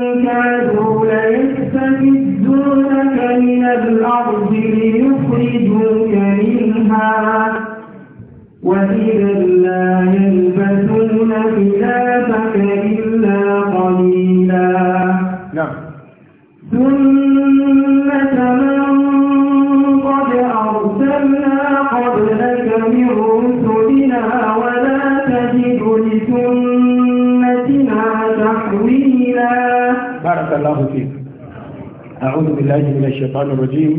كادوا ليستفدونك من الأرض ليخرجوك منها وإذا لا يلبسون خلافك إلا قليلا نعم أعوذ بالله من الشيطان الرجيم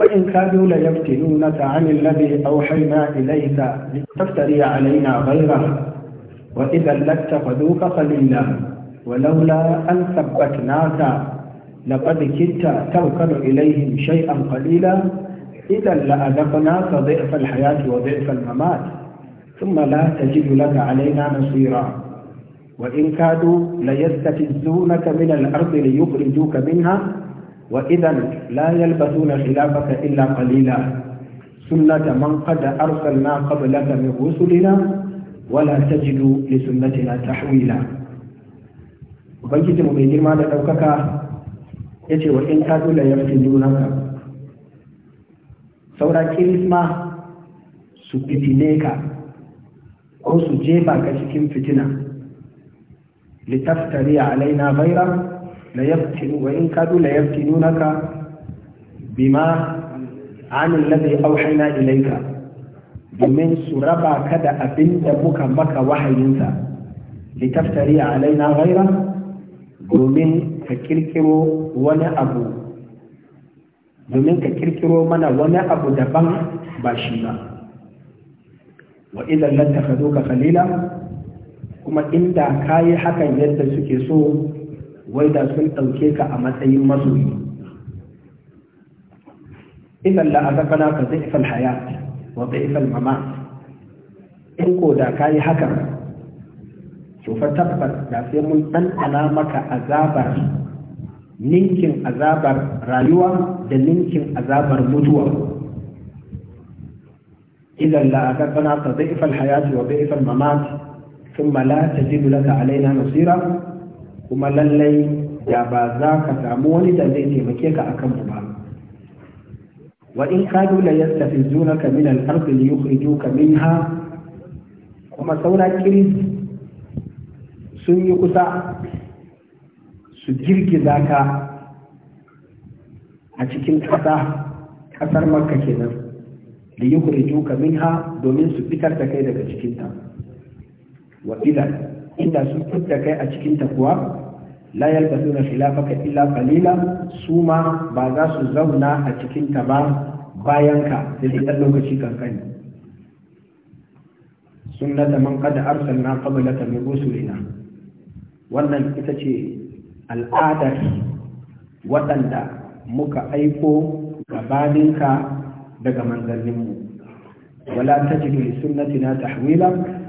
وإن كادوا ليفتنونك عن الذي أوحينا إليك لتفتري علينا غيره وإذا لاتخذوك خليلا ولولا أن ثبتناك لقد كدت تركن إليهم شيئا قليلا إذا لأذقناك ضعف الحياة وضعف الممات ثم لا تجد لك علينا نصيرا وإن كادوا ليستفزونك من الأرض ليخرجوك منها وإذا لا يلبثون خلافك إلا قليلا سنة من قد أرسلنا قبلك من رسلنا ولا تجد لسنتنا تحويلا ubangiji mu mai girma da ɗaukaka ya ce wa in ka dole ya fi junanka saura kirisma su fitine ka ko su jefa ka cikin fitina litaftari alaina ghaira la yaftinu wa in kadu la yaftinunaka bima an alladhi domin su raba ka da abin da muka maka wahayinsa litaftari alaina ghaira domin ka ƙirƙiro mana wani abu daban ba shi ba wa idan lantakhaduka khalila kuma inda ka yi hakan yadda suke so wai da sun ɗauke ka a matsayin masoyi idan la azabana ka dhaif al hayat wa dhaif al mamat in ko da ka yi hakan to fa tabbas da sai mun ɗanɗana maka azabar ninkin azabar rayuwa da ninkin azabar mutuwa Idan zai إذا لأذقناك ضعف الحياة وضعف الممات ثم لا تجد لك علينا نصيرا kuma lallai da ba za ka samu wani da zai taimake ka akan kanmu ba wa in ka tafi la ka min al-ardh ka min ha? kuma saura kiri sun yi kusa su girgiza ka a cikin ƙasa ƙasar makka kenan da yi ha? domin su fitar da kai daga cikin ta? wa inda sun fitta kai a cikin ta kuwa la yalbasuna khilafaka illa qalila su ma ba za su zauna a cikin ta ba bayan ka sai dan lokaci kankani sunnata man qad arsalna qablaka min rusulina wannan ita ce al'adar waɗanda muka aiko gabaninka daga manzanninmu wala tajidu li sunnatina tahwila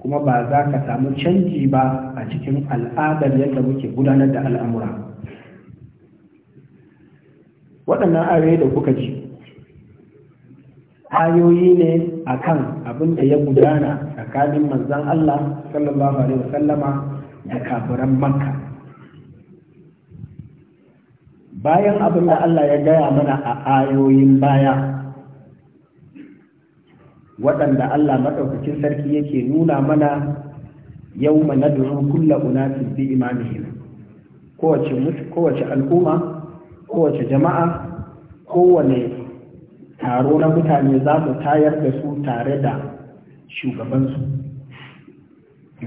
kuma ba za ka samu canji ba a cikin al'adar yadda muke gudanar da al'amura waɗannan ayoyi da kuka ji ayoyi ne akan abin da ya gudana tsakanin manzan Allah sallallahu alaihi wasallama da kafiran makka bayan abin da Allah ya gaya mana a ayoyin baya waɗanda Allah maɗaukakin sarki yake nuna mana yau na domin kulla su bi imamihim kowace kowace al'umma kowace jama'a kowane taro na mutane za mu tayar da su tare da shugabansu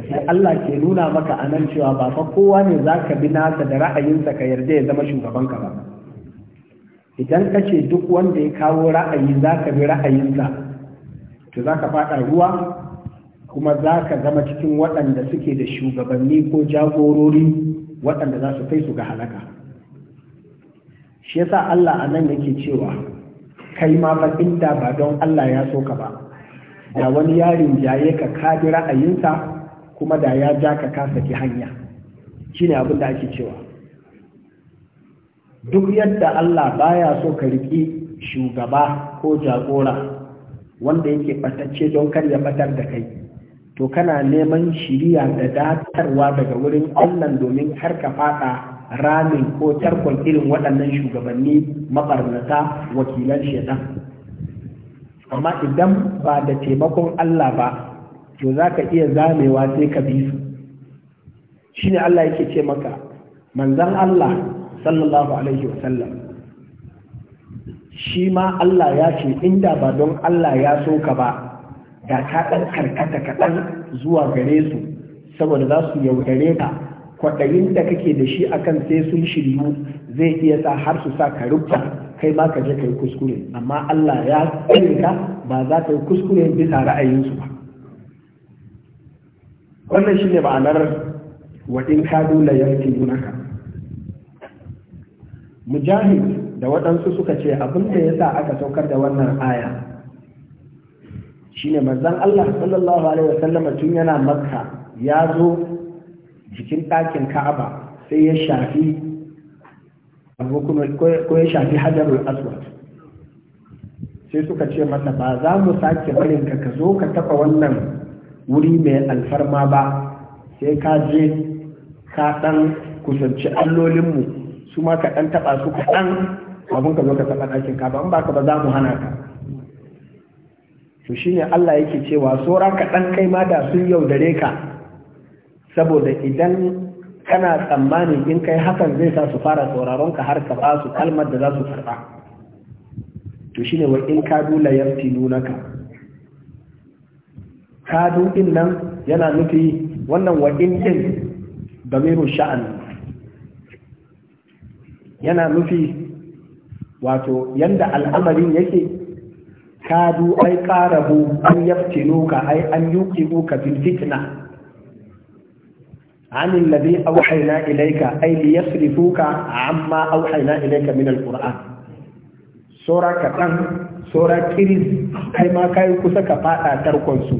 sai Allah ke nuna maka a nan cewa ba fa kowa ne za ka bi nasa da ra'ayinsa ka yarda ya zama shugabanka ba idan ka ce duk wanda ya kawo ra'ayi za ka bi ra'ayinsa to za ka faɗa ruwa kuma za ka zama cikin waɗanda suke da shugabanni ko jagorori waɗanda za su kai su ga halaka shi yasa Allah a nan yake cewa kai ma faɗin da ba don Allah ya so ka ba da wani yarin jaye ka kabi ra'ayinsa kuma da ya ja ka kasa ki hanya ne abin da ake cewa duk yadda Allah baya so ka riƙi shugaba ko jagora wanda yake batacce don kar ya batar da kai to kana neman shiriya da datarwa daga wurin allan domin har ka fada ramin ko tarkon irin waɗannan shugabanni mabarnata wakilan shaitan amma idan ba da taimakon Allah ba to za ka iya zamewa sai ka bi su ne Allah yake ce maka manzon Allah sallallahu alaihi wasallam shi ma Allah ya ce inda ba don Allah ya so ka ba da ka ɗan karkata kaɗan zuwa gare su saboda za su yaudare ka kwaɗayin da kake da shi akan sai sun shiryu zai iya sa har su sa ka rufa kai ma ka je ka yi kuskure amma Allah ya tsare ka ba za ka yi kuskure bisa ra'ayinsu ba wannan shine ma'anar wa in kadu la yaftinunaka mujahid da waɗansu suka ce abin da ya sa aka saukar da wannan aya shine manzon Allah sallallahu alaihi wasallama tun yana makka ya zo jikin ɗakin ka'aba sai ya shafi ko ya shafi hajarul aswad sai suka ce masa ba za mu sake barin ka ka zo ka taɓa wannan wuri mai alfarma ba sai ka je ka ɗan kusanci allolinmu su ma ka ɗan taɓa su ka ɗan. abin ka zo ka taɓa ɗakin ka ba in baka ba za mu hana ka to shine Allah yake cewa sora ka ɗan kai ma da sun yaudare ka saboda idan kana tsammanin in kai hakan zai sa su fara sauraron ka har ka ba su kalmar da za su karɓa to shine wa in ka dula ka kadu dukin nan yana nufi wannan wa in din damiru sha'an yana nufi wato yanda al'amarin yake kadu ai karabu an yaftinu ka ai an yuqibu ka bil fitna an alladhi awhayna ilayka ai liyasrifuka amma awhayna ilayka min alquran sura kadan sura kiris kai ma kai kusa ka fada tarkon su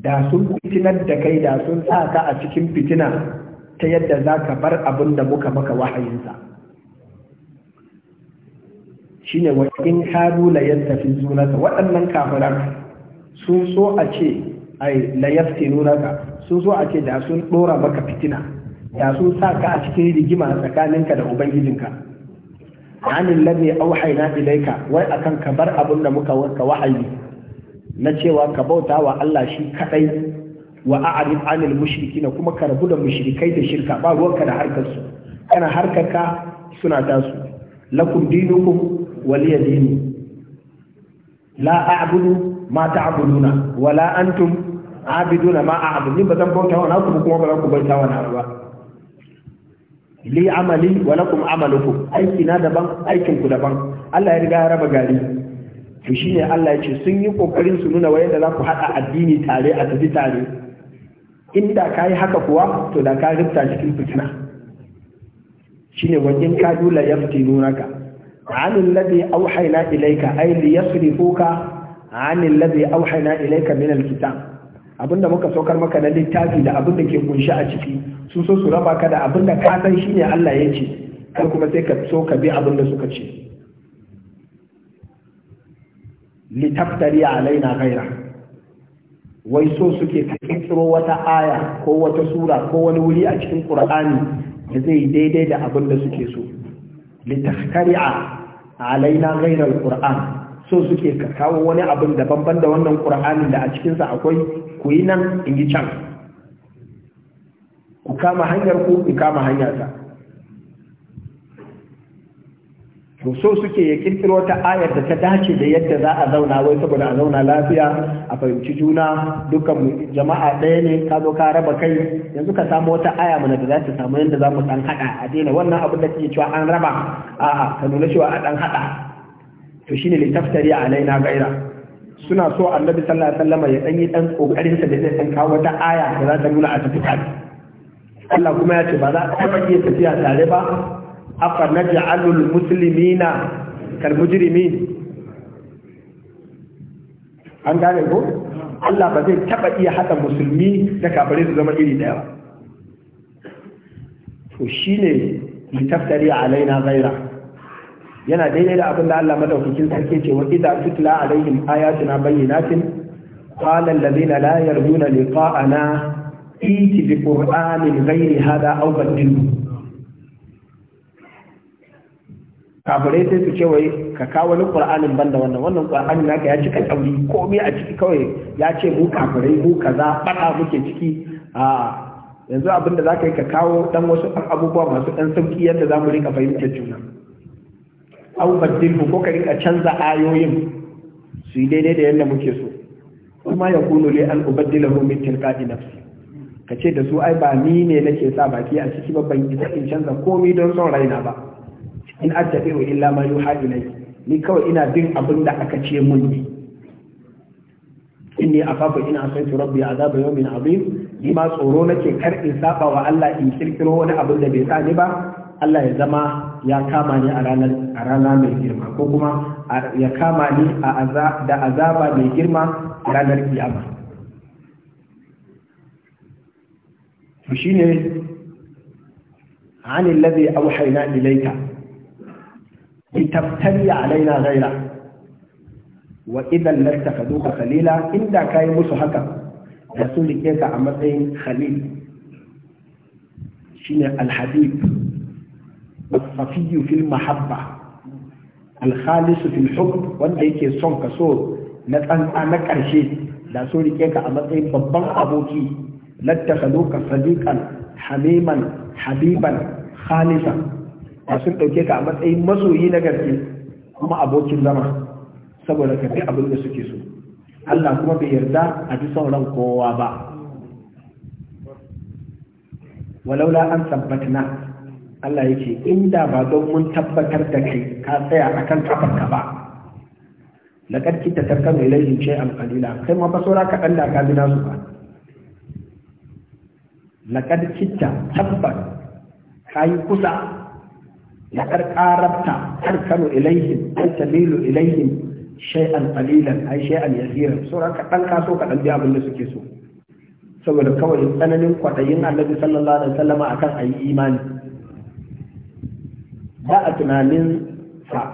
da sun fitinar da kai da sun sa ka a cikin fitina ta yadda zaka bar abin da muka maka wahayinsa shine wa in kadu la zunaka waɗannan kafiran sun so a ce ai la yaftinunaka sun so a ce da sun dora maka fitina da sun sa ka a cikin rigima tsakaninka da ubangijinka anil ladhi auhayna ilayka wai akan ka bar abin da muka warka wahayi na cewa ka bauta wa Allah shi kadai wa a'rid anil mushrikina kuma ka rabu da mushrikai da shirka ba ruwanka da harkar su kana harkarka suna tasu lakum dinukum dini la a'budu ma ta'buduna wala antum abiduna ma a'budu ni bazan bauta wa naku kuma ba ku bauta wa naku ba li amali wa lakum amalukum aiki na daban aikin ku daban Allah ya riga ya raba gari to shine Allah ya ce sun yi kokarin su nuna da za ku hada addini tare a tafi tare inda kai haka kuwa to da ka rubuta cikin fitina shine wajen ka dula ka. عن الذي auhaina إليك أي ليصرفوك عن الذي auhaina إليك min الكتاب abinda muka saukar maka na littafi da abinda ke kunshi a ciki su so su raba ka da abinda ka san shine Allah ya ce kar kuma sai ka so ka bi abinda suka ce taftari alaina ghaira wai so suke ka kiro wata aya ko wata sura ko wani wuri a cikin Qur'ani da zai daidai da abin da suke so taftari alaina ghairal alquran so suke ka kawo wani abin da banban da wannan qur'anin da a cikinsa akwai ku yi nan in yi can ku kama hanyar ku ku kama hanyar ta to so suke ya kirkiro ta ayar da ta dace da yadda za a zauna wai saboda a zauna lafiya a fahimci juna dukkan jama'a ɗaya ne ka zo ka raba kai yanzu ka samu wata aya mana da za ta samu yadda za mu ɗan haɗa a daina wannan abin da ke cewa an raba a'a ka nuna cewa a ɗan haɗa to shine a alaina gaira suna so annabi sallallahu alaihi wasallam ya dan yi dan kokarin sa da zai san kawo wata aya da za ta nuna a tafi Allah kuma ya ce ba za a taɓa iya tafiya tare ba afa naj'alul muslimina kal mujrimin an gane ko Allah ba zai taba iya hada musulmi da kafirai su zama iri daya ba to shine litaftari alaina ghaira yana daidai da abin da Allah madaukakin sarki ce wa idza tutla alaihim ayatuna bayyinatin qala alladhina la yarjuna liqa'ana iti bi qur'anin ghairi hada aw badilhu kafirai sai su ce wai ka kawo wani qur'anin banda wannan wannan qur'anin naka ya cika tsauri komai a ciki kawai ya ce mu kafirai mu kaza fada muke ciki a yanzu abin da zaka yi ka kawo dan wasu abubuwa masu dan sauki yadda za mu rika fahimtar juna au ku ko ka rika canza ayoyin su yi daidai da yadda muke so kuma ya kunu li an ubaddilahu min tilqa'i nafsi ka ce da su ai ba ni ne nake sa baki a ciki ba ban isa in canza komai don son raina ba in attabi'u illa ma yuha ni kawai ina bin abin da aka ce mun ne inni afafa ina su rabbi azaba yawmin azim ni ma tsoro nake kar in saba wa Allah in kirkiro wani abin da bai sani ba Allah ya zama ya kama ni a ranar a rana mai girma ko kuma ya kama ni a da azaba mai girma a ranar kiyama to shine an alladhi awhayna ilayka لتبتلي علينا غيره وإذا لاتخذوك خليلا إن دا كاي musu haka da sun rike ka a matsayin khalil shine alhabib as-safiy fil mahabba al-khalis fil hukm wanda yake son ka so na tsantsa na karshe da ka a matsayin babban aboki lattakhaduka sadiqan habiban Khalisa. da sun ɗauke ka a matsayin masoyi na gaske kuma abokin zama saboda ka fi abin da suke so Allah kuma bai yarda a ji sauran kowa ba walaula an tabbatna Allah yake inda ba don mun tabbatar da kai ka tsaya akan kafarka ba laqad kita laifin ilayhim a qalila kai ma fa saura ka da bi nasu ba laqad kita tabbat yi kusa da ƙar ƙararta har kanu ilaihim Shai'an sabilu ilaihim shay'an qalilan ai kaso ka biya abin da suke so saboda kawai tsananin kwaɗayin annabi sallallahu alaihi wasallam akan ayi imani ba a tunanin sa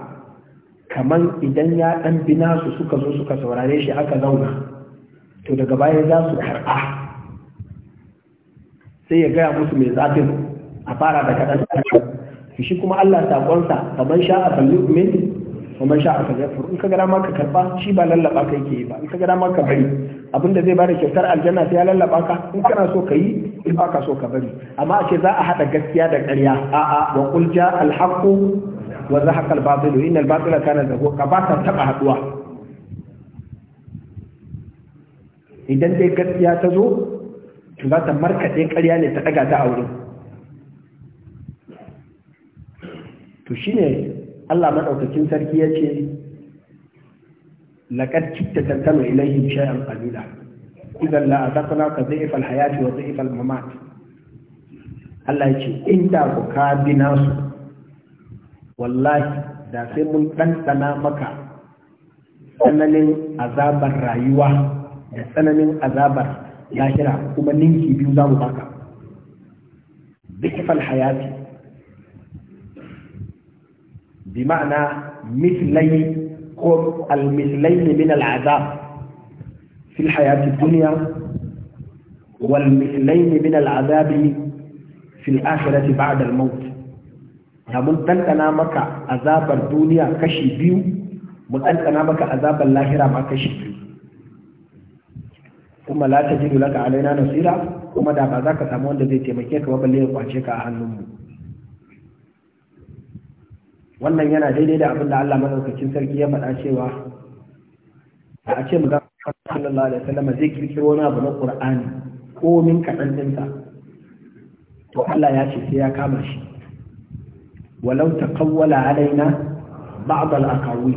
kaman idan ya dan su suka zo suka saurare shi aka zauna to daga baya za su karɓa sai ya gaya musu mai zafin a fara da kaɗan to shi kuma Allah sakonsa kaman sha'a falyu'min wa man sha a sha'a falyakfur in ka ga dama ka karba shi ba lallaba ka yake yi ba in ka ga dama ka bari abinda zai bada kyautar aljanna sai ya lallaba ka in kana so ka yi in ba ka so ka bari amma a ce za a hada gaskiya da ƙarya a'a wa qul ja'a al-haqqu wa zahaqa al-batil innal batila kana zahuqa ba ta taba haduwa idan dai gaskiya ta zo to za ta markaɗe ƙarya ne ta ɗaga ta wurin. shine Allah maɗaukacin sarki yace laqad kitta tantamu ilayhi shay'an qalila idan la azaqna ka dhif al wa dhif al mamat Allah yace in da ku ka bi nasu wallahi da sai mun ɗanɗana maka tsananin azabar rayuwa da tsananin azabar lahira kuma ninki biyu za mu baka dhif al hayati bi ma'ana mislai ko almislai ne min al'azab fil hayati duniya wal mislai ne min al'azabi fil akhirati ba'da al da mun dandana maka azabar duniya kashi biyu mu maka azabar lahira ma kashi biyu kuma la tajidu laka alaina nasira kuma da ba za ka samu wanda zai taimake ka ba balle ya kwace ka a hannunmu wannan yana daidai da abin da Allah madaukakin sarki ya faɗa cewa a ce mu ga sallallahu alaihi wasallam zai kirkiro wani abu na Qur'ani ko min kaɗan dinsa to Allah ya ce sai ya kama shi walau taqawwala alaina ba'd al-aqawil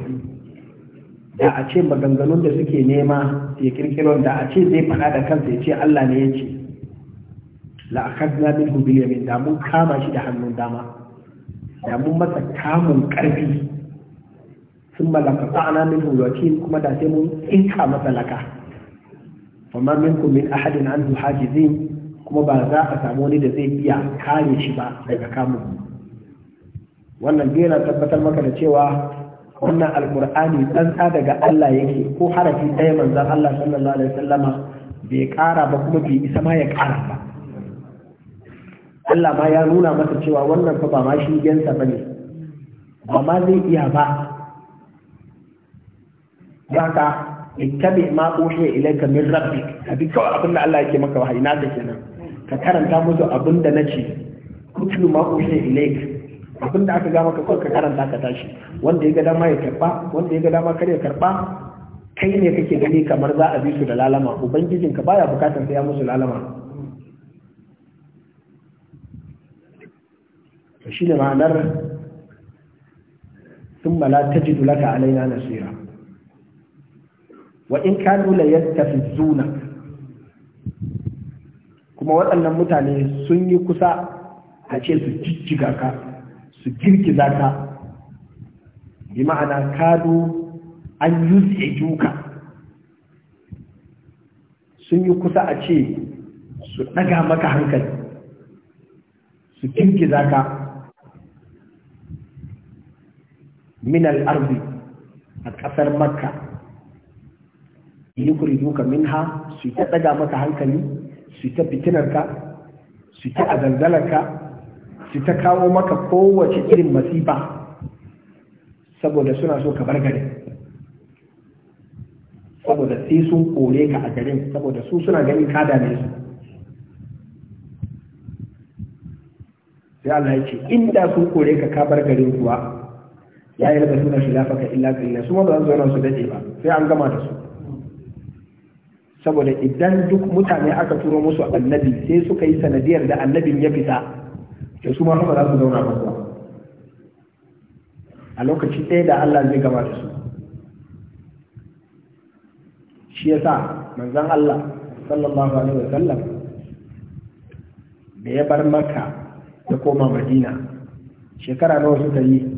da a ce maganganun da suke nema ya kirkiro da a ce zai faɗa da kansa ya ce Allah ne ya ce la akadna minhu bil yamin da mun kama shi da hannun dama da mun masa kamun ƙarfi sun malaka ta'ana min hulwakin kuma da sai mun tsinka masa laka amma ku min ahadin an hajizin kuma ba za a samu wani da zai biya kare shi ba daga kamun wannan biyu tabbatar maka da cewa wannan alkur'ani sa daga Allah yake ko harafi ɗaya manzon Allah sallallahu alaihi wasallama bai ƙara ba kuma bai isa ma ya ƙara ba Allah ma ya nuna masa cewa wannan fa ba ma shi gensa bane ba ma zai iya ba haka ittabi ma uhiya ilaika min rabbik abi kawai abin da Allah yake maka wahayi naka kenan ka karanta musu abin da nace kutu ma uhiya ilaika. abin da aka ga maka kawai ka karanta ka tashi wanda ya ga dama ya karba wanda ya ga dama kar ya karba kai ne kake gani kamar za a bi su da lalama ubangijinka baya bukatar sai ya musu lalama to shine ma'anar thumma la tajidu laka alaina nasira wa in kanu la yastafizuna kuma waɗannan mutane sun yi kusa a ce su jijjiga ka su girgiza ka bi ma'ana kado an yuzi duka sun yi kusa a ce su ɗaga maka hankali su girgiza ka min al a ƙasar makka yi yukriduka minha su ta daga maka hankali su ta fitinarka su ta azalzalarka su ta kawo maka kowace irin masifa saboda suna so ka bar garin saboda sai sun kore ka a garin saboda su suna ganin ka dame su sai Allah ya ce inda sun kore ka ka bar garin kuwa Ya la yalbasuna khilafaka illa qalila su ma ba su zauna su dade ba sai an gama da su saboda idan duk mutane aka turo musu annabi sai suka yi sanadiyar da annabin ya fita to su ma haka za su zauna ba a lokaci ɗaya da Allah zai gama da su shi ya sa manzon Allah sallallahu alaihi wa sallam da ya bar maka ya koma Madina shekara nawa suka yi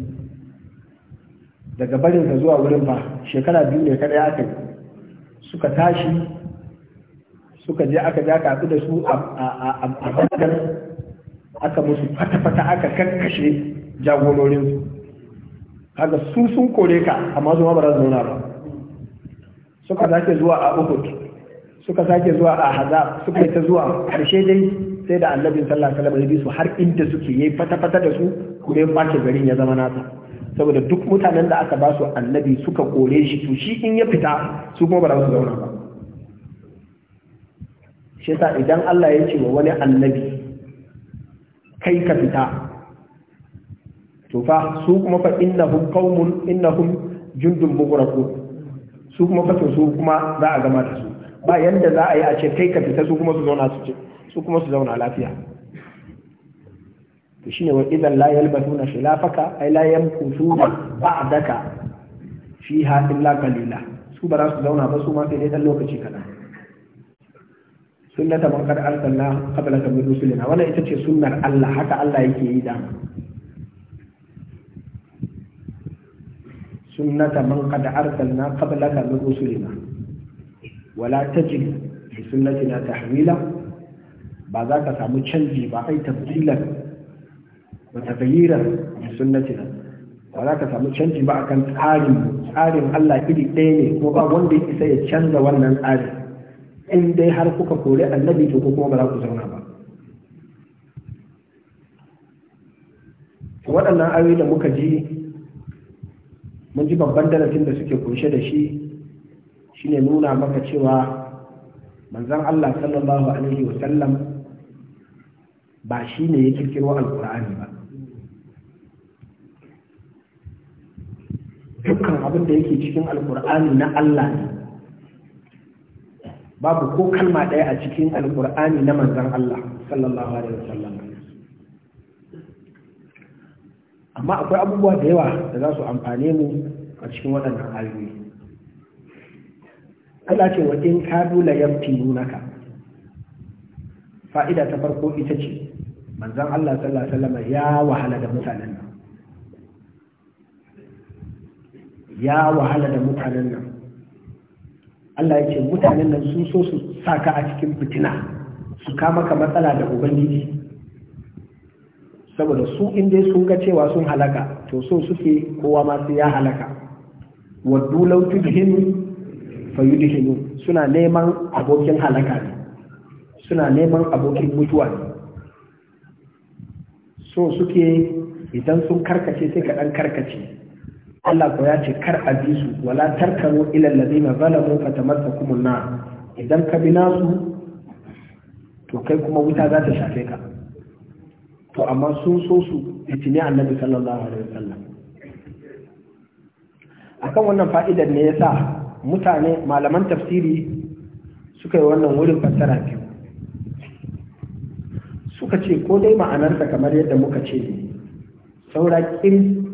daga barin ka zuwa wurin ba shekara biyu ne kada aka yi suka tashi suka je aka ja kaɗu da su a bakar aka musu fata-fata aka kankashe jagororin kaga su sun kore ka amma su ma ba zauna ba suka sake zuwa a uhud suka sake zuwa a haza suka yi ta zuwa karshe dai sai da annabin sallah alaihi wasallam bi su har inda suke yi fata-fata da su kuma ya garin ya zama nasa saboda duk mutanen da aka ba su annabi suka kore shi to shi in ya fita su kuma ba za su zauna ba shi yasa idan Allah ya ce wa wani annabi kai ka fita to fa su kuma fa innahum qaumun innahum jundun mughraqu su kuma fa su kuma za a gama da su ba yanda za a yi a ce kai ka fita su kuma su zauna su ce su kuma su zauna lafiya to ne wa idan la yalbasuna khilafaka ay la yamkusuna ba'daka fiha illa qalila su ba za su zauna ba su ma sai dai dan lokaci kaɗan sunnata man kad arsalna qablaka min rusulina wannan ita ce sunnar Allah haka Allah yake yi da sunnata man kad arsalna qablaka min rusulina wala tajid bi sunnatina tahwila ba za ka samu canji ba ai tabdilan وتغييرا لسنتنا ولا تسامو canji ba akan tsarin tsarin Allah iri ɗaya ne ko ba wanda ya isa ya canza wannan tsari in dai har kuka kore annabi to kuma ba za ku zauna ba waɗannan ayoyi da muka ji mun ji babban darasin da suke kunshe da shi shine nuna maka cewa manzon Allah sallallahu alaihi wasallam ba shi ne ya kirkiro alkur'ani ba dukkan abin da yake cikin alkur'ani na Allah ne babu ko kalma ɗaya a cikin alkur'ani na manzan Allah sallallahu alaihi wasallam amma akwai abubuwa da yawa da za su amfane mu a cikin waɗannan ayoyi Allah ce wa in kadu la nunaka fa'ida ta farko ita ce manzan Allah sallallahu alaihi wasallam ya wahala da mutanen nan ya wahala da mutanen nan Allah ya ce mutanen nan sun so su saka a cikin fitina su kama ka matsala da ubangiji saboda su inda sun ga cewa sun halaka to so suke kowa ma sai ya halaka waddu law tudhinu yudhinu suna neman abokin halaka suna neman abokin mutuwa ne so suke idan sun karkace sai ka dan karkace Allah ko ya ce kar a bi su wala tarkanu ila allazina zalamu fatamassakumun na, idan ka bi nasu to kai kuma wuta za ta shafe ka to amma sun so su fitini annabi sallallahu alaihi wasallam akan wannan fa'idar ne yasa mutane malaman tafsiri suka yi wannan wurin fassara biyu suka ce ko dai ma'anarsa kamar yadda muka ce saura kiris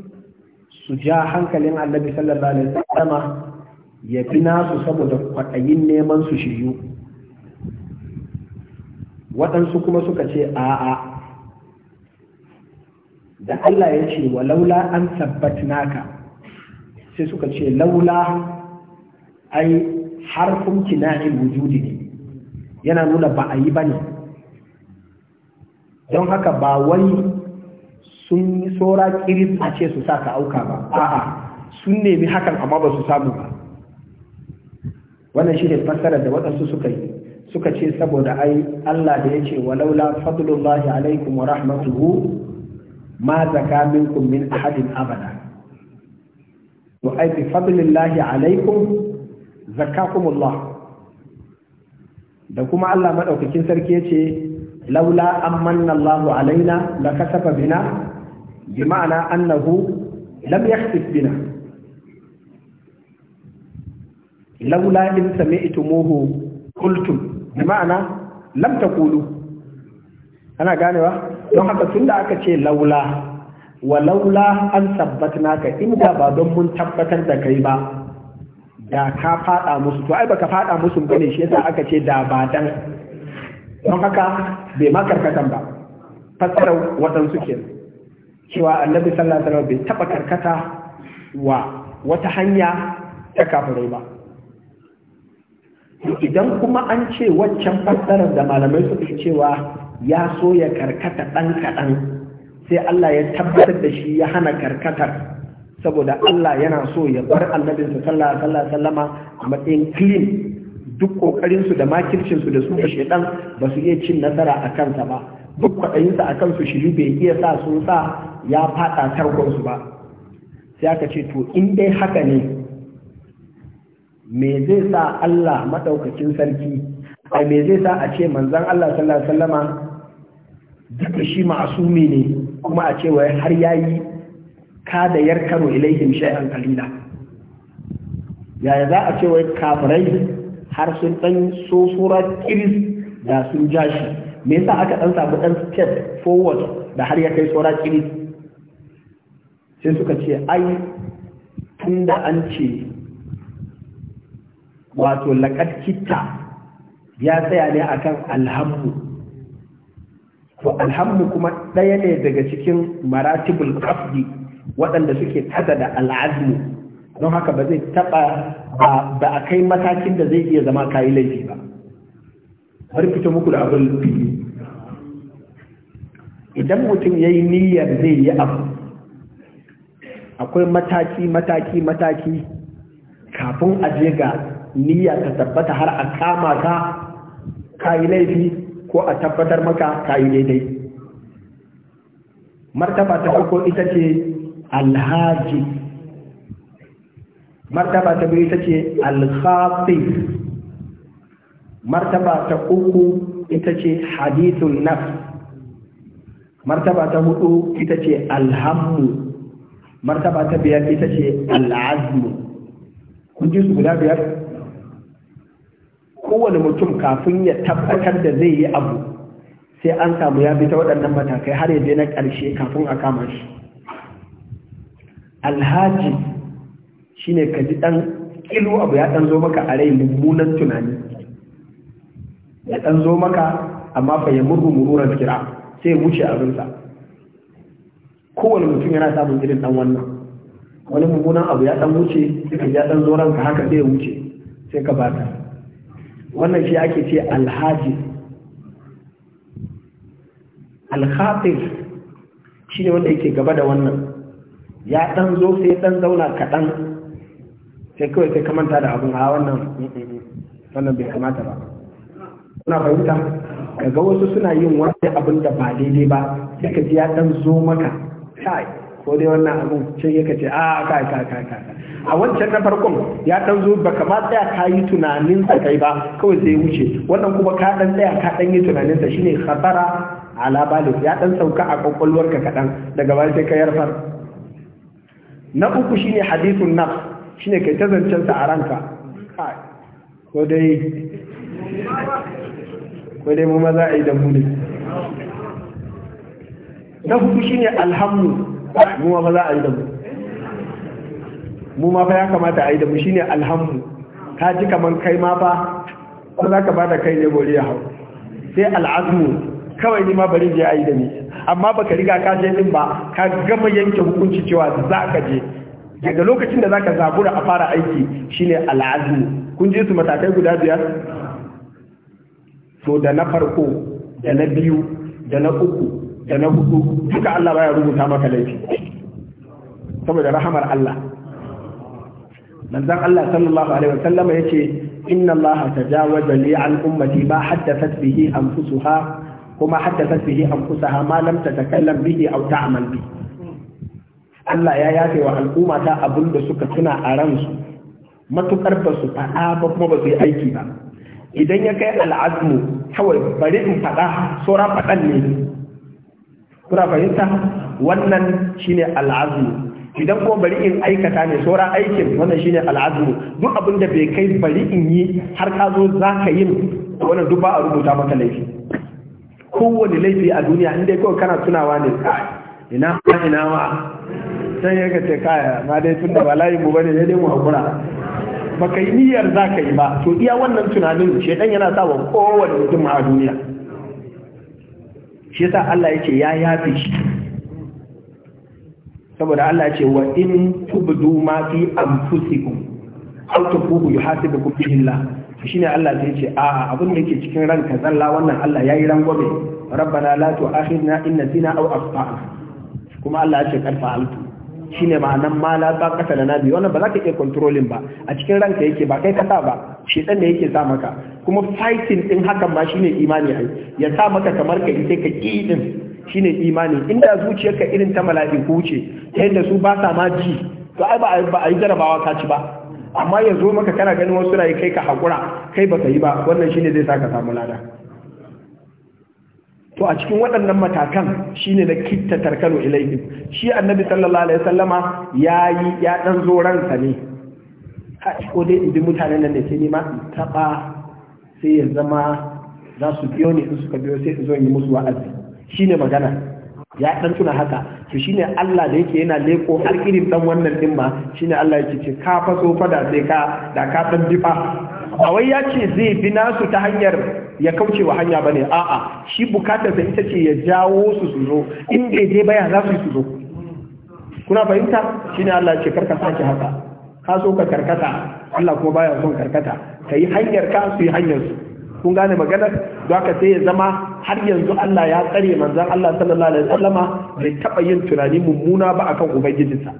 su ja hankalin annabi sallallahu alaihi wasallam ya bi nasu saboda kwaɗayin neman su shiryu waɗansu kuma suka ce a'a da Allah ya ce wa laula an naka sai suka ce laula ai har harfin kina'in wujudi ne yana nuna ba a yi ba ne don haka ba wai sun yi saura kiris a ce su sa ka auka ba a'a sun nemi hakan amma ba su samu ba wannan shi ne fassarar da waɗansu suka yi suka ce saboda ai Allah da ya ce wa walaula fadlullahi alaikum wa rahmatuhu ma zaka minkum min ahadin abada wa ai bi fadlillahi alaikum zakakumullah da kuma Allah madaukakin sarki ya ce laula ammanna Allahu alaina la kasafa bina bi ma'ana annahu lam yahtis bina laula in sami'tumuhu qultum bi ma'ana lam taqulu ana ganewa don haka da aka ce laula wa laula an sabbatna ka inda ba don mun tabbatar da kai ba da ka fada musu to ai baka fada musu bane shi yasa aka ce da ba dan don haka bai ma karkatan ba fassara waɗansu kenan cewa annabi sallallahu alaihi wasallam bai taba karkata wa wata hanya ta kafirai ba idan kuma an ce waccan fassarar da malamai suke cewa ya so ya karkata ɗan kaɗan sai Allah ya tabbatar da shi ya hana karkatar saboda Allah yana so ya bar annabinsa sallallahu alaihi wasallama a matsayin clean duk su da su da su da shaidan ba su iya cin nasara a kansa ba duk kwaɗayinsa a kansu shiru bai iya sa sun sa ya fada tarkonsu ba sai aka ce to in dai haka ne me zai sa Allah madaukakin sarki ai me zai sa a ce manzon Allah sallallahu alaihi wasallama duka shi ma'asumi ne kuma a ce wai har yayi kada yarkaru ilaihim shay'an qalila yaya za a ce wai kafirai har sun dan so kiris da sun ja shi me yasa aka dan samu dan step forward da har ya kai sura kiris sai suka ce ai tunda an ce wato laƙar kitta ya tsaya ne akan alhammu to alhammu kuma ɗaya ne daga cikin maratibul kafdi waɗanda suke tada da al'azmu don haka ba zai taɓa ba a kai matakin da zai iya zama kayi laifi ba har fito muku da abin idan mutum ya yi niyyar zai yi abu akwai mataki mataki mataki kafin a je ga niyya ta tabbata har a kama ka kayi laifi ko a tabbatar maka kayi daidai martaba ta uku ita ce alhaji martaba ta biyu ita ce alhafi martaba ta uku ita ce hadithun nafs martaba ta hudu ita ce alhammu martaba ta biyar ita ce al'azmu kun ji su guda biyar kowane mutum kafin ya tabbatar da zai yi abu sai an samu ya bi ta waɗannan matakai har ya na ƙarshe kafin a kama shi alhaji shine ka ji ɗan ƙilu abu ya ɗan zo maka a rai mummunan tunani ya ɗan zo maka amma fa ya murhu kira sai ya wuce abinsa kowane mutum yana samun irin dan wannan wani mummunan abu ya dan wuce ya dan zo ranka haka zai wuce sai ka bata wannan shi ake ce alhaji Alhaji shi ne wanda yake gaba da wannan ya dan zo sai dan zauna kaɗan sai kawai sai kamanta da abin a ah, wannan wannan bai kamata ba kuna fahimta kaga wasu suna yin wani abin da ba daidai ba sai ka ji ya dan zo maka kai ko dai wannan abun ce yake ce a ah, kai kai kai kai a wancan na farkon ya dan zo baka ma tsaya ka yi tunanin sa kai ba kawai sai wuce wannan kuma ka dan tsaya ka dan yi tunanin sa shine khabara ala bali ya dan sauka a kwakwalwarka kadan daga baya sai ka yarfar na uku shine hadithun nafs shine kai tazancin sa a ranka kai ko dai ko dai mu maza a yi da mu ne na hudu ne alhamdu mu ma za a yi da mu mu ma fa ya kamata a yi da mu shi ne alhamdu ka ji kamar kai ma fa ko za ka bada kai ne gori ya hau sai al'azmu kawai ni ma bari je a yi da ni amma baka riga ka je din ba ka gama yanke hukunci cewa za ka je daga lokacin da za ka zabura a fara aiki shine al'azmu kun je su matakai guda biyar So da na farko da na biyu da na uku da na hudu duka Allah baya rubuta maka laifi saboda rahamar Allah manzon Allah sallallahu alaihi wasallam yace inna Allah tajawaza li an ummati ma haddathat bihi anfusuha kuma haddathat bihi anfusaha ma lam tatakallam bihi aw ta'mal bihi Allah ya yafe wa al'umma ta abin da suka tuna a ransu matukar ba su faɗa ba kuma ba su yi aiki ba idan ya kai al'azmu kawai bari in faɗa sauran faɗan ne kuna fahimta wannan shine al'azmi idan kuma bari in aikata ne saura aikin wannan shine al'azmi duk abin da bai kai bari in yi har ka zo za ka yi wannan duk a rubuta maka laifi kowane laifi a duniya inda kawai kana tunawa ne ina ma ina ma sai ya ga ce kaya ma dai tun da ba mu bane dai mu hakura baka yi niyyar za ka yi ba to iya wannan tunanin shedan yana sa wa kowane mutum a duniya shi sa Allah ya ce ya yafe shi saboda Allah ya ce wa in tubdu ma fi anfusikum aw tukuhu yuhasibukum bihi Allah shine Allah zai ce a abin da yake cikin ranka zalla wannan Allah yayi rangwame rabbana la tu'akhidna in nasina aw akhtana kuma Allah ya ce karfa altu Shi ne ma'anan ma ba kasa na nabi wannan ba za ka iya kontrolin ba a cikin ranka yake ba kai kasa ba shi ɗan da yake sa maka kuma fighting din hakan ma shine imani ai ya sa maka kamar ka ita ka ɗin shi ne imani inda zuciyarka irin ta mala'iku wuce ta yadda su ba sa ma ji to ai ba a yi jarabawa ka ci ba amma ya zo maka kana ganin wasu rayu kai ka haƙura kai ba ka yi ba wannan shi ne zai sa ka samu lada to a cikin waɗannan matakan shine na kitta tarkanu ilaihi shi annabi sallallahu alaihi wasallama yayi ya dan zo ransa ne ko dai idan mutanen nan ne sai ni ma taba sai ya zama za su biyo ni in suka biyo sai zo yi musu wa'azi shine magana ya dan tuna haka to shine Allah da yake yana leko har irin dan wannan din ma shine Allah yake ce ka faso fada sai ka da ka dan difa a wai ya ce zai bi nasu ta hanyar ya kauce wa hanya bane a'a shi bukatarsa ita ce ya jawo su su zo in bai je baya za su su zo kuna fahimta shine Allah ya ce karka sake haka ka so ka karkata Allah kuma baya son karkata kai hanyar ka su yi hanyar su kun gane maganar don haka sai ya zama har yanzu Allah ya tsare manzon Allah sallallahu alaihi bai taba yin tunani mummuna ba akan ubangijinsa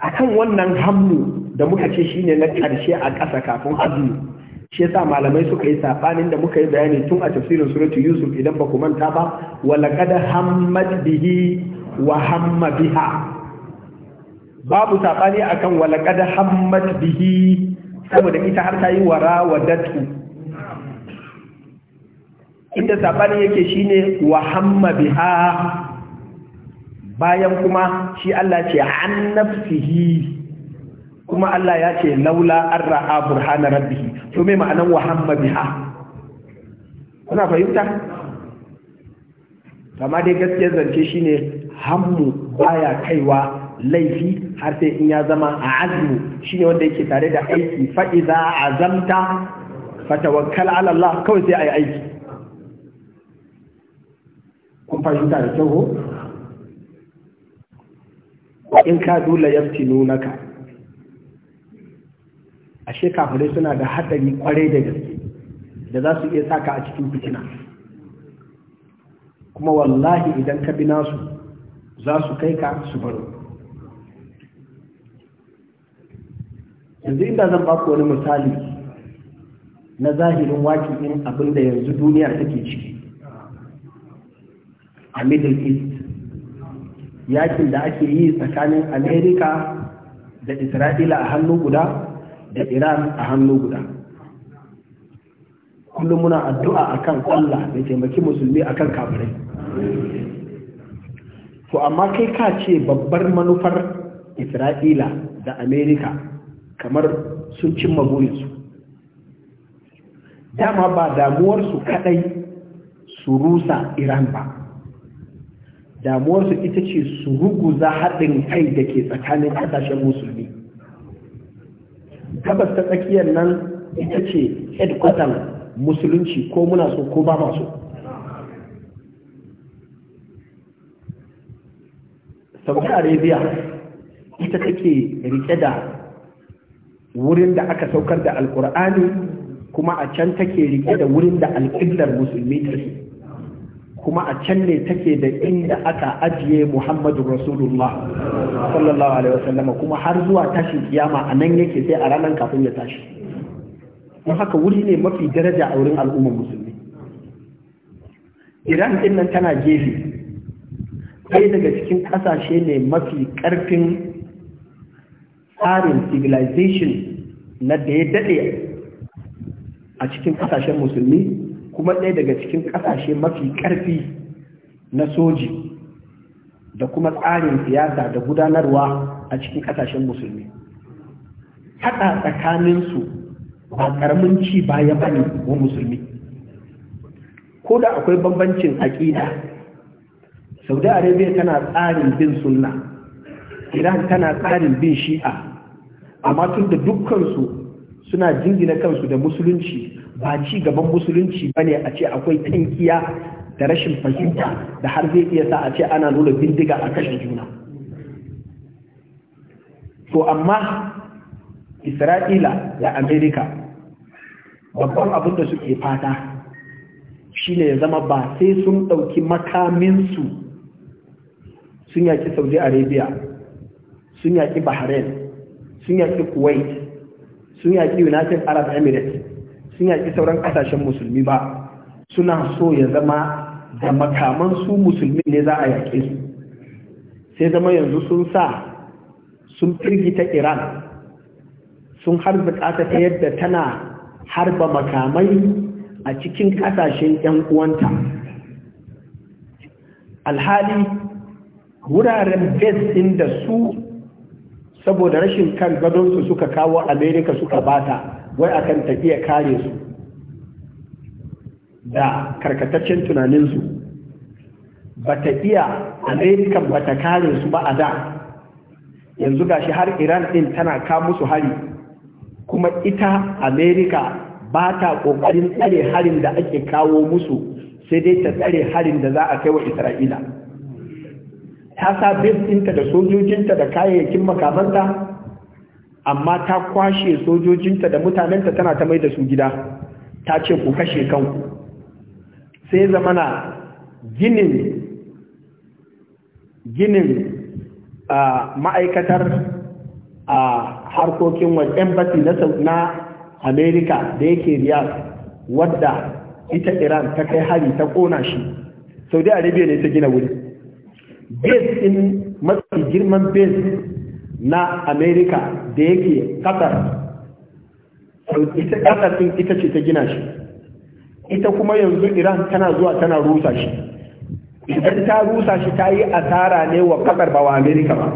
akan wannan hannu da muka ce shi ne na ƙarshe a ƙasa kafin azumi shi yasa malamai suka yi sabanin da muka yi bayani tun a tafsirin suratu yusuf idan ba ku manta ba wa laqad hammat bihi wa hamma biha babu sabani akan wa laqad hammat bihi saboda ita har ta yi wara wa datu inda sabani yake shine wa hamma biha bayan kuma shi Allah ce an nafsihi kuma Allah ya ce laula an burhana rabbihi to me ma'anan wa hamma biha kuna fahimta amma dai gaskiyar zance shine hammu baya kaiwa laifi har sai in ya zama a azmu shine wanda yake tare da aiki fa'iza azamta fatawakkal ala Allah kawai sai ayi aiki kun fahimta da kyau in ka dula naka ashe kafirai suna da haɗari kwarai da gaske da za su iya saka a cikin fitina kuma wallahi idan ka bi nasu za su kai ka su baro yanzu inda zan baku wani misali na zahirin waƙi'in abin da yanzu duniya take ciki a middle east yakin da ake yi tsakanin america da isra'ila a hannu guda da iran a hannu guda kullum muna addu'a a kan Allah da taimaki musulmi a kan kafirai to amma kai ka ce babbar manufar isra'ila da amerika kamar sun cimma burinsu dama ba damuwarsu kadai su rusa iran ba damuwarsu ita ce su ruguza haɗin kai da ke tsakanin ƙasashen musulmi gabas ta tsakiyar nan ita ce headquarter musulunci ko muna so ko ba masu saudi arabia ita take rike da wurin da aka saukar da alkur'ani kuma a can take rike da wurin da alƙiblar musulmi take kuma a can ne take da inda aka ajiye Muhammadu Rasulullah sallallahu alaihi wasallam kuma har zuwa tashin kiyama a nan yake sai a ranar kafin ya tashi don haka wuri ne mafi daraja a wurin al'ummar musulmi Iran din nan tana gefe ɗaya daga cikin ƙasashe ne mafi ƙarfin tsarin civilization na da ya daɗe a cikin ƙasashen musulmi kuma ɗaya daga cikin ƙasashe mafi ƙarfi na soji da kuma tsarin siyasa da gudanarwa a cikin ƙasashen musulmi haɗa tsakaninsu ba ƙaramin ci baya ba ne wa musulmi ko da akwai bambancin aƙida saudi arabia tana tsarin bin sunna iran tana tsarin bin shi'a amma tun da dukkansu suna jingina kansu da musulunci ba ci gaban musulunci ba ne a ce akwai tankiya da rashin fahimta da har zai iya sa a ce ana nuna bindiga a kashe juna to amma isra'ila da amerika babban abin da suke fata shi ne ya zama ba sai sun ɗauki makaminsu sun yaki saudi arabia sun yaki bahrain sun yaki kuwait sun yaki united arab emirates sun yaki sauran ƙasashen musulmi ba suna so ya zama da makaman su musulmi ne za a yaƙe su sai zama yanzu sun sa sun firgita iran sun harba ta yadda tana harba makamai a cikin ƙasashen 'yan uwanta alhali wuraren base ɗin da su saboda rashin kan gadonsu suka kawo amerika suka bata wai akan tafiya kare su da karkataccen tunaninsu ba ta iya amerika ba ta kare su ba a da yanzu gashi har iran din tana ka musu hari kuma ita amerika ba ta ƙoƙarin tsare harin da ake kawo musu sai dai ta tsare harin da za a kai wa isra'ila ta sa ɗinta da sojojinta da kayayyakin makamanta amma ta kwashe sojojinta da mutanenta tana ta mai da su gida ta ce ku kashe kanku sai zamana ginin ginin ma'aikatar a harkokin wajen embassy na Amerika da yake riya wadda ita iran ta kai hari ta kona shi saudi arabia ne ta gina wuri base in mafi girman base na amerika da yake ƙasar ita ita ce ta gina shi ita kuma yanzu iran tana zuwa tana rusa shi idan ta rusa shi ta yi asara ne wa ƙasar ba wa amerika ba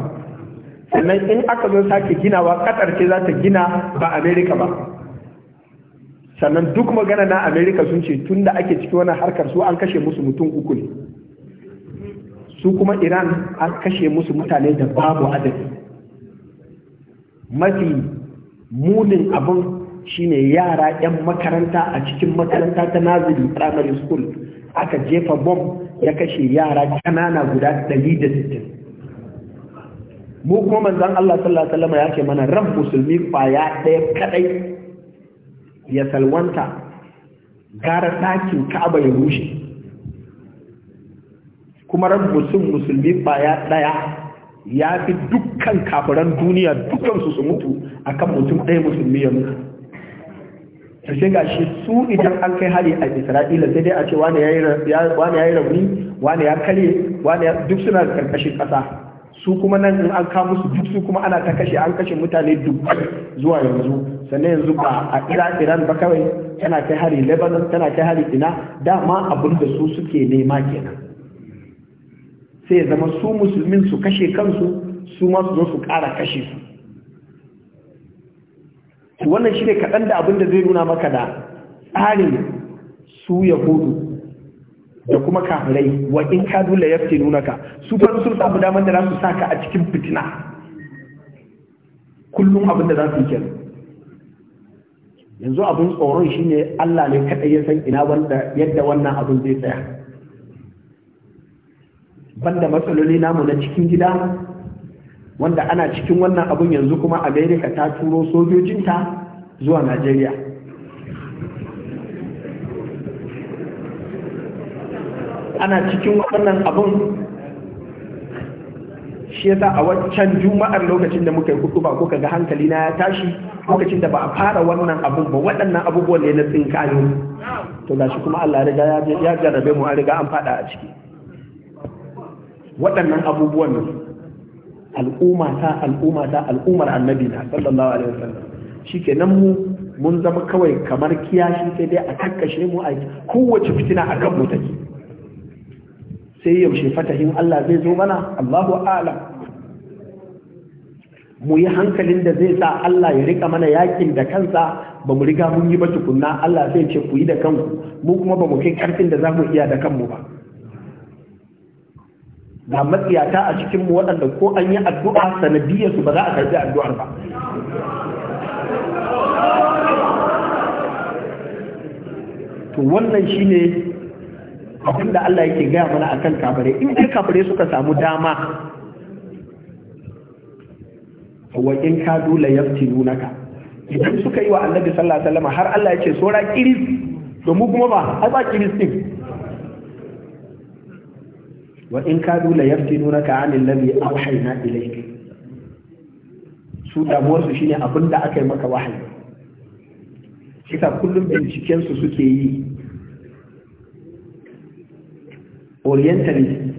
sannan in aka zo sake ginawa ƙasar ce za ta gina ba amerika ba sannan duk magana na amerika sun ce tun da ake ciki wani harkar su an kashe musu mutum uku ne su kuma iran an kashe musu mutane da babu adadi mafi munin abin shine yara 'yan makaranta a cikin makaranta ta nazari primary school aka jefa bom ya kashe yara kanana guda 160 mu kuma manzan Allah sallallahu alaihi wasallam ya ke mana ran musulmi kwaya ɗaya kadai ya salwanta gara ɗakin ka'aba ya rushe kuma ran musulmi kwaya ɗaya ya fi dukkan kafiran duniya dukkan su mutu akan mutum ɗaya musulmi ya mutu ta ga shi su idan an kai hari a isra'ila sai dai a ce wani ya yi rauni wani ya kare wani ya duk suna da karkashin ƙasa su kuma nan in an kawo musu duk su kuma ana ta kashe an kashe mutane duk zuwa yanzu sannan yanzu ba a ira iran ba kawai tana kai hari lebanon tana kai hari ina dama abin da su suke nema kenan sai zama su musulmin su kashe kansu su masu zo su ƙara kashe su wannan shi ne kaɗan da abin da zai nuna maka da tsarin su yahudu da kuma kafirai wa in ka dula ya fi nuna ka su fa sun samu damar da za su saka a cikin fitina kullum abin da za su yi kenan yanzu abin tsoron shine Allah ne kaɗai ya san ina yadda wannan abin zai tsaya banda matsaloli namu na cikin gida wanda ana cikin wannan abun yanzu kuma america ta turo sojojinta zuwa najeriya ana cikin wannan abun shi yasa a waccan juma'ar lokacin da muka yi hudu ba kuka ga hankali na ya tashi lokacin da ba a fara wannan abun ba waɗannan abubuwan ne na tsinkani to gashi kuma Allah ya riga ya jarrabe mu an riga an fada a ciki waɗannan abubuwan ne al'umma ta al'umma ta al'ummar annabi na sallallahu alaihi wasallam shikenan mu mun zama kawai kamar kiyashi sai dai a kakkashe mu a kowace fitina a kan mu take sai yaushe fatahin Allah zai zo mana Allahu mu yi hankalin da zai sa Allah ya rika mana yakin da kansa ba mu riga mun yi ba tukunna Allah zai ce ku yi da kanku mu kuma ba mu kai karfin da za mu iya da kanmu ba ga matsiyata a mu waɗanda ko an yi addu'a su ba za a karbi addu'ar ba to wannan shine abin da Allah yake gaya mana akan kafare in dai kafare suka samu dama wa in ka dole nunaka idan suka yi wa annabi sallallahu alaihi har Allah ya ce sora kiris domin kuma ba ai ba kiris din wa in kadu la yaftinunaka 'anil a awhayna ilayka su damuwar su shine abin da aka yi maka wahayi kisa kullum binciken suke yi orientalist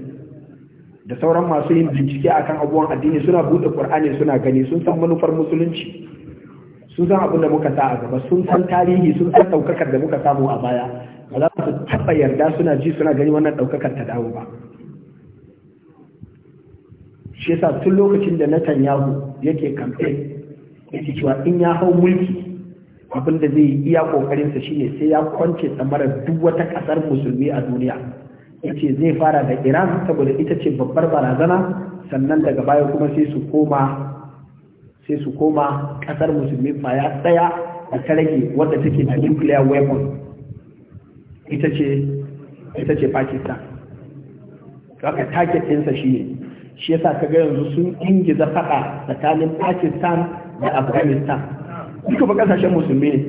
da sauran masu yin bincike akan abubuwan addini suna buɗe ƙur'ani suna gani sun san manufar musulunci sun san abin da muka sa a gaba sun san tarihi sun san ɗaukakar da muka samu a baya ba za su taɓa yarda suna ji suna gani wannan ɗaukakar ta dawo ba shi yasa tun lokacin da Netanyahu yake kamfe yake cewa in ya hau mulki abinda da zai iya kokarin sa shine sai ya kwance tsamarar duk wata kasar musulmi a duniya yace zai fara da Iran saboda ita ce babbar barazana sannan daga baya kuma sai su koma sai su koma kasar musulmi ya tsaya a tarihi wadda take da nuclear weapon ita ce ita ce Pakistan kaka target ɗinsa shine shi yasa ka ga yanzu sun ingiza faɗa tsakanin pakistan da afghanistan duka ba kasashen musulmi ne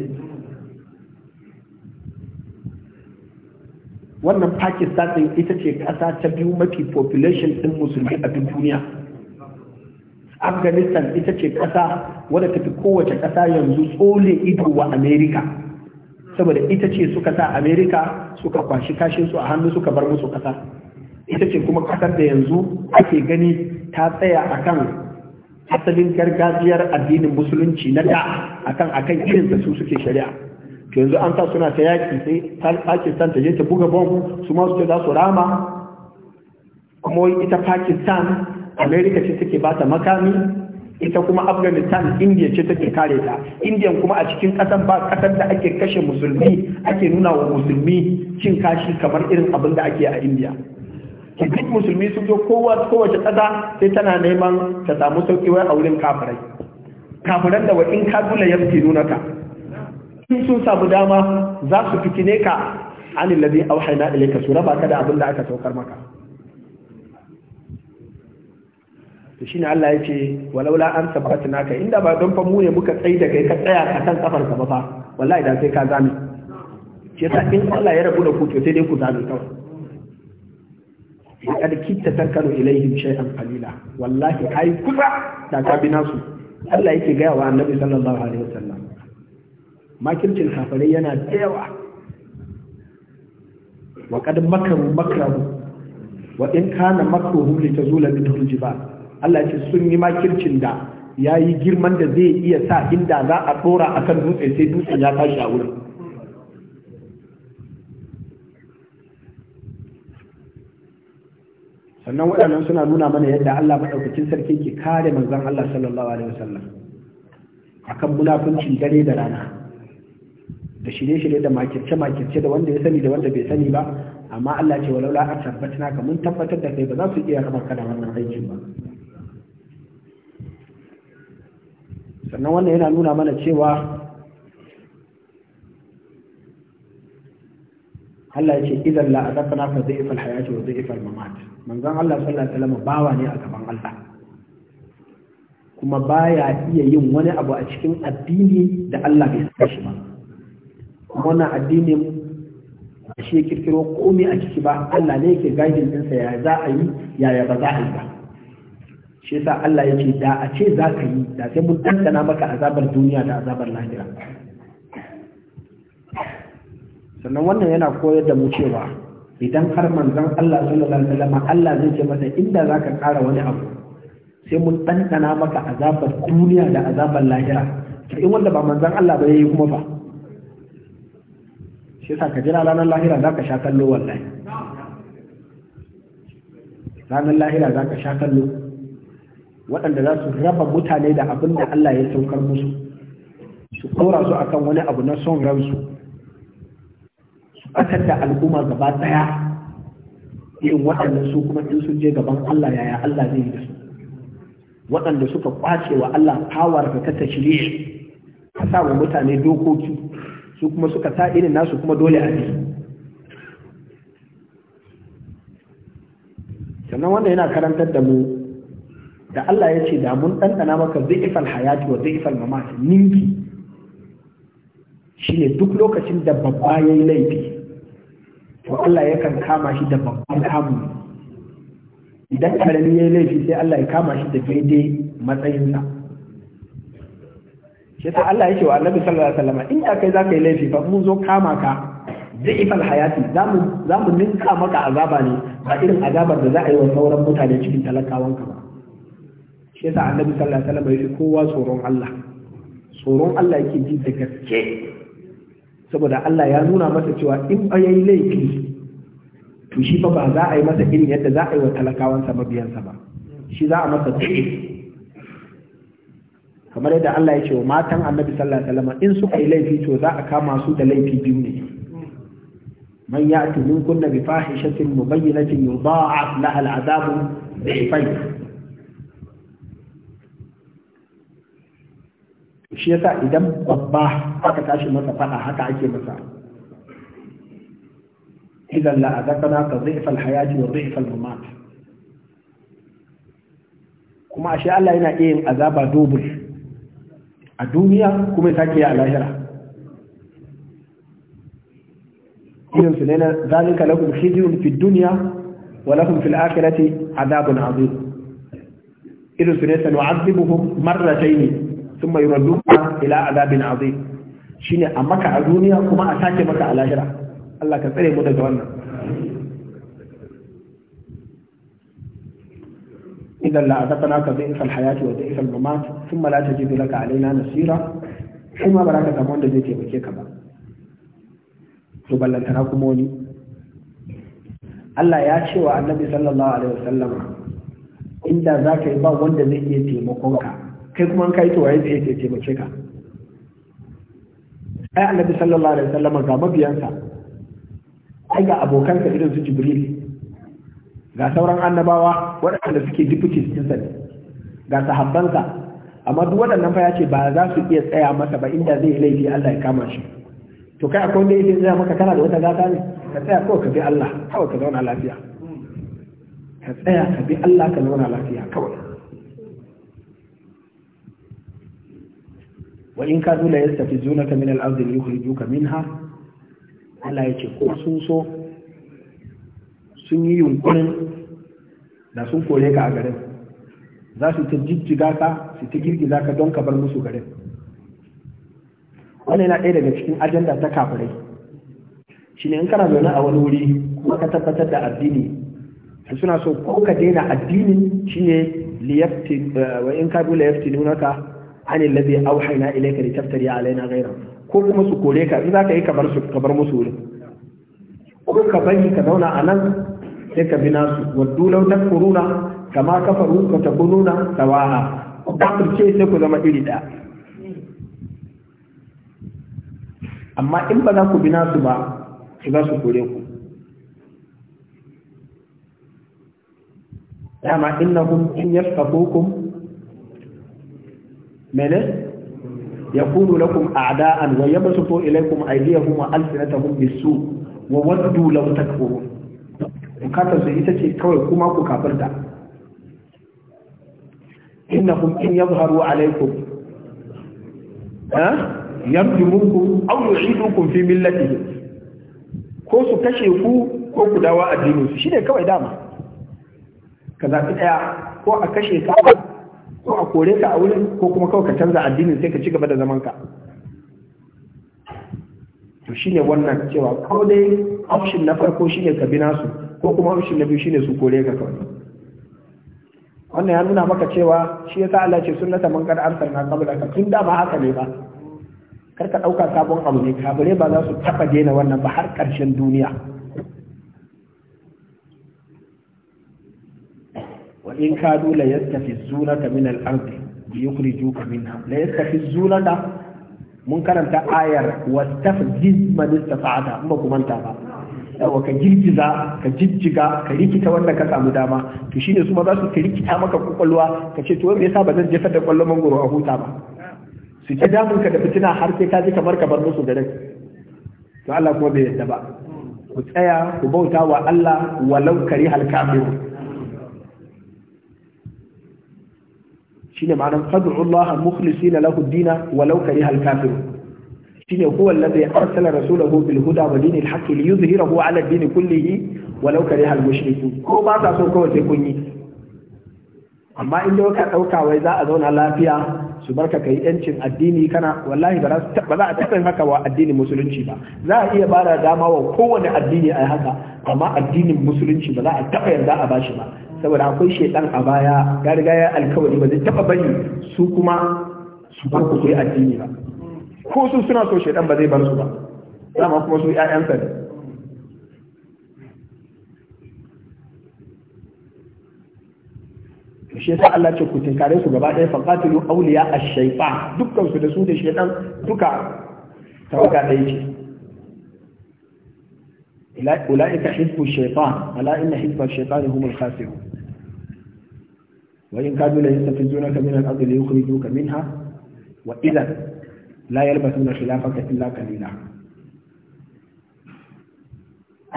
wannan pakistan din ita ce ƙasa ta biyu mafi population ɗin musulmi a duk duniya afghanistan ita ce ƙasa wadda tafi kowace ƙasa yanzu tsole ido wa america saboda ita ce suka sa america suka kwashi kashin su a hannu suka bar musu ƙasa ita ce kuma kasar da yanzu ake gani ta tsaya a kan asalin gargajiyar addinin musulunci na da akan akan irin da su suke shari'a to yanzu an sa suna ta yaki sai Pakistan ta je ta buga bom su ma su za su rama kuma ita Pakistan America ce take ba makami ita kuma Afghanistan India ce take kare ta Indiyan kuma a cikin kasan ba kasan da ake kashe musulmi ake nuna wa musulmi cin kashi kamar irin abin da ake a India duk musulmi sun zo kowa kowace tsada sai tana neman ta samu sauƙi wai a wurin kafirai kafiran da wa ka dula ya fi nuna ka in sun samu dama za su fitine ka an lalabi auhaina ilaika su raba ka da abin da aka saukar maka to shine Allah ya ce walaula an sabbatna ka inda ba don fa mu ne muka tsayi da kai ka tsaya ka kan kafar ka ba fa wallahi da sai ka zame Ke sa in Allah ya rabu da ku to sai dai ku zame kawai kada kitta tankaru ilaihim shay'an qalila wallahi ai kusa da ka bi nasu Allah yake gaya wa Annabi sallallahu alaihi wasallam makircin kafare yana da yawa wa kad makaru makaru wa in kana makruhu li tazula minhu al-jibal Allah yake sun yi makircin da yayi girman da zai iya sa inda za a tsora akan dutse sai dutsen ya tashi a wurin sannan waɗannan suna nuna mana yadda Allah maɗaukakin sarki ke kare manzon Allah sallallahu alaihi wasallam akan munafuncin dare da rana da shirye-shirye da makirce-makirce da wanda ya sani da wanda bai sani ba amma Allah ce walaula a tabbatina ka mun tabbatar da kai ba za su iya raba kana wannan aikin ba sannan wannan yana nuna mana cewa Allah ya ce idan la azaqna fa zai ifal hayati wa zai ifal mamati manzon Allah sallallahu alaihi wasallam bawa ne a gaban Allah kuma baya iya yin wani abu a cikin addini da Allah bai saka shi ba wannan addinin shi ya kirkiro komai a ciki ba Allah ne yake gaidin ɗinsa ya za a yi yaya ba za a yi ba shi yasa Allah ya ce da a ce za ka yi da sai mun dandana maka azabar duniya da azabar lahira sannan wannan yana koyar da mu cewa idan har manzon Allah sallallahu alaihi wasallam Allah zai ce masa inda zaka kara wani abu sai mun ɗanɗana maka azabar duniya da azabar lahira to in wanda ba manzon Allah ba yayi kuma fa shi yasa ka jira ranar lahira zaka sha kallo wallahi ranar lahira zaka sha kallo waɗanda za su raba mutane da abin da Allah ya saukar musu su kora su akan wani abu na son ransu batar da al'umma gaba daya irin waɗannan su kuma in sun je gaban Allah yaya Allah zai yi da su waɗanda suka kwace wa Allah power da ta tashri'i a sa mutane dokoki su kuma suka sa irin nasu kuma dole a bi sannan wannan yana karantar da mu da Allah ya ce da mun ɗanɗana maka ifal hayati wa ifal mamati ninki shi ne duk lokacin da babba ya yi laifi to Allah yakan kama shi da babban kamu idan karami ya yi laifi sai Allah ya kama shi da daidai matsayinsa shi ta Allah ya ce wa annabi sallallahu alaihi wasallam in kai za ka yi laifi fa mun zo kama ka ifal hayati za mu ninka maka azaba ne ba irin azabar da za a yi wa sauran mutane cikin talakawanka ba shi yasa annabi sallallahu alaihi wasallam ya ce, kowa tsoron Allah tsoron Allah yake ji da gaske saboda Allah ya nuna masa cewa in ba yi laifi to shi fa ba za a yi masa irin yadda za a yi wa talakawansa mabiyansa ba shi za a masa tsaye kamar yadda Allah ya ce wa matan annabi sallallahu alaihi wasallam in suka yi laifi to za a kama su da laifi biyu ne man ya'ti minkum bi fahishatin mubayyinatin yudha'af laha al'adabu dhifayn shi yasa idan babba aka tashi masa fada haka ake masa idan la azakana ka dhi'fal hayati wa dhi'fal mamat kuma ashe Allah yana iya yin azaba dubul a duniya kuma ke a lahira irin su ne na zalika lakum khizyun fid dunya wa lahum fil akhirati adabun azim irin su ne sanu'adhibuhum marratayn sun mai radduka ila azabin azim shine a maka a duniya kuma a sake maka a lahira Allah ka tsare mu daga wannan إذا لأذقناك ضعف الحياة الممات ثم لا تجد لك علينا نصيرا حما براك تمون دزي تيمكي كبا تبلن تراكم وني Allah ya ce wa annabi sallallahu alaihi wasallama inda za ka yi ba wanda zai iya taimakonka kai kuma an kai to waye zai iya taimake ka ai annabi sallallahu alaihi wasallam ga mabiyansa ai ga abokansa irin su jibril ga sauran annabawa waɗanda suke deputies ɗinsa sa ga sahabbansa amma duk waɗannan fa ya ce ba za su iya tsaya masa ba inda zai laifi Allah ya kama shi to kai akwai wanda yake tsaya maka kana da wata gata ne ka tsaya kawai ka bi Allah kawai ka zauna lafiya ka tsaya ka bi Allah ka zauna lafiya kawai وإن كانوا لا يستفزونك ya الأرض ليخرجوك منها min al'arzi ne yukuri duka min ha Allah ya ce ko sun so sun yi da sun kore ka a garin za su ta jijjiga ka su ta girgiza ka don ka bar musu garin Wani na ɗaya daga cikin ajanda ta kafirai shine in kana zaune a wani wuri kuma ka tabbatar da addini su suna so ko ka daina addinin shine liyafti wa in ka bi liyafti ka an allazi auhayna ilayka taftari alaina ghayra ko kuma su kore ka in zaka yi ka bar su ka musu wurin ko ka bari ka zauna a nan sai ka bi nasu waddu law takfuruna kama kafaru ka takununa sawa'a kafirce sai ku zama iri ɗaya amma in ba za ku bi nasu ba su za su kore ku dama innahum in yasfaqukum mene yakunu lakum a'da'an wa yabsutu ilaykum aydiyahum wa alsinatahum bis-su wa waddu law takfurun bukatar su ita ce kawai kuma ku kafirta innakum in yadhharu alaykum ha yarjumukum aw yu'idukum fi millatihi ko su kashe ku ko ku dawo addinin su shine kawai dama ka zaɓi ɗaya ko a kashe ka kore ka a wurin ko kuma kawai ka canza addinin sai ka ci gaba da zaman ka to shine wannan cewa kawai dai option na farko shine ka bina su ko kuma option na biyu shine su kore ka kawai wannan ya nuna maka cewa shi yasa Allah ce sunnata man na arsalna ka tun da ba haka ne ba kar ka dauka sabon abu ne kabare ba za su taba daina wannan ba har karshen duniya in ka kadu zuna ta min al-ardi bi yukhrijuka minha la yastafizunaka mun karanta ayar wastafziz man istata'ata in ba ku manta ba yawa ka girgiza ka jijjiga ka rikita wanda ka samu dama to shine su ma za su ka rikita maka kwakwalwa ka ce to me yasa ba zan jefar da kwallon mangoro a huta ba su ce damun ka da fitina har sai ka ji kamar ka bar musu garin to Allah kuma bai yadda ba ku tsaya ku bauta wa Allah walau kari halkafiru shine ma'anar fad'ullaha mukhlisina lahu dina walau kariha al kafiru shine huwa alladhi arsala rasulahu bil huda wa dinil haqqi liyuzhirahu ala ad-din kullihi walau kariha al-mushrikun ko ba sa so kawai sai kun yi amma in dai ka dauka wai za a zauna lafiya su barka kai yancin addini kana wallahi ba za a taɓa haka wa addinin musulunci ba za a iya bada dama wa kowane addini a haka amma addinin musulunci ba za a taɓa yarda a bashi ba saboda akwai shaidan a baya ya riga ya alkawari ba zai taba bari su kuma su bar ku yi addini ba ko su suna so shaidan ba zai bar su ba dama kuma su ƴaƴansa ne shi yasa Allah ce ku tinkare su gaba ɗaya faqatilu awliya ash-shaytan dukkan su da su da shaidan duka tawaka ɗaya ce أولئك حزب الشيطان ألا إن حزب shaytan humul khasirun وإن كانوا ليستفزونك من الأرض ليخرجوك منها وإذا لا يلبثون خلافك إلا قليلا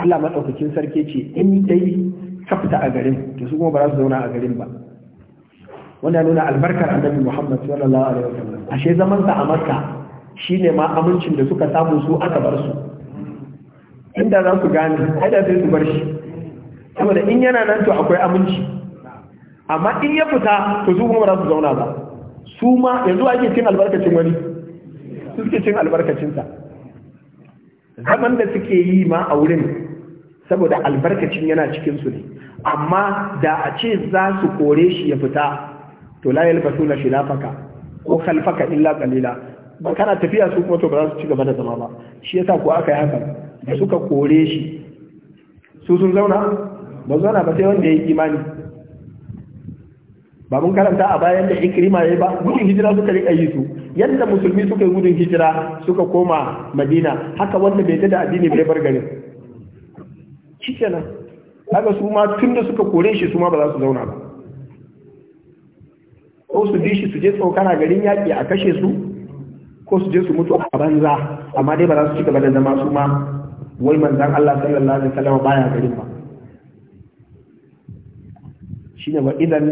Allah maɗaukakin sarki ce in dai kafta a garin to su kuma ba za su zauna a garin ba wanda nuna albarkar annabi Muhammad sallallahu alaihi wasallam ashe zaman sa a Makka shine ma amincin da suka samu su aka bar su inda za su gane ai da sai su bar shi saboda in yana nan to akwai aminci amma in ya fita to su kuma ba su zauna ba su ma yanzu ake cin albarkacin wani su suke cin albarkacinsa zaman da suke yi ma a wurin saboda albarkacin yana cikin su ne amma da a ce za su kore shi ya fita to la suna na shilafaka ko khalfaka illa qalila ba kana tafiya su kuma to ba za su ci gaba da zama ba shi yasa ko aka yi haka da suka kore shi su sun zauna ba zauna ba sai wanda ya yi imani ba mun karanta a bayan da ikrima yi ba gudun hijira suka rika yi su yadda musulmi suka yi gudun hijira suka koma madina haka wanda bai da addini bai bar garin shikenan haka su ma tunda suka kore shi su ma ba za su zauna ba ko su bi shi su je tsokana garin yaki a kashe su ko su je su mutu a banza amma dai ba za su ci gaba da zama su ma wai manzan Allah sallallahu alaihi wasallam baya garin ba ne wa idan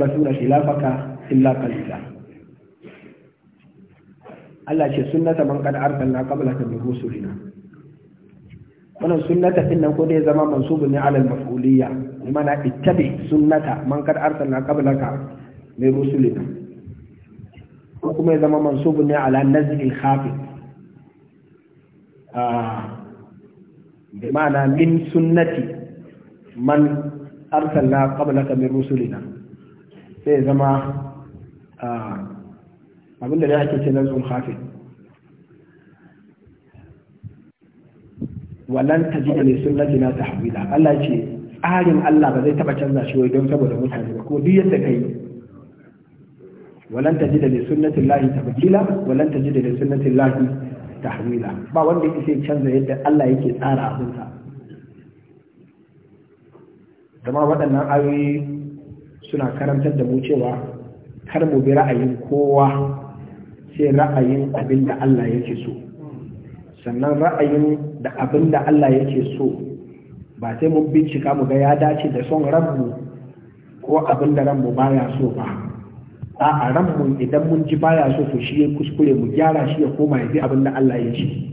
basura shi lafaka illa qalila Allah ce sunnata man kad arsalna qablaka min rusulina wannan sunnata din nan ko dai zama mansubun ne ala al-maf'uliyya bimana ittabi sunnata man kad arsalna ka min rusulina ko kuma ya zama mansubun ne ala nazil al-khafi ah bimana min sunnati man arsalna qablaka min rusulina sai zama abin da ake ce nazul khafid walan tajida li sunnatina tahwila Allah ce tsarin Allah ba zai taba canza shi wai don saboda mutane ba ko duk yadda kai walan tajida li sunnatillahi tabdila walan tajida li sunnatillahi tahwila ba wanda yake canza yadda Allah yake tsara abinsa zama waɗannan ayoyi suna karantar da mu cewa kar mu bi ra'ayin kowa sai ra'ayin abin da Allah yake so sannan ra'ayin da abin da Allah yake so ba sai mun bincika mu ga ya dace da son ranmu ko abin da ranmu baya so ba a ranmu idan mun ji baya so to shi ya kuskure mu gyara shi ya koma ya bi abin da Allah ya ce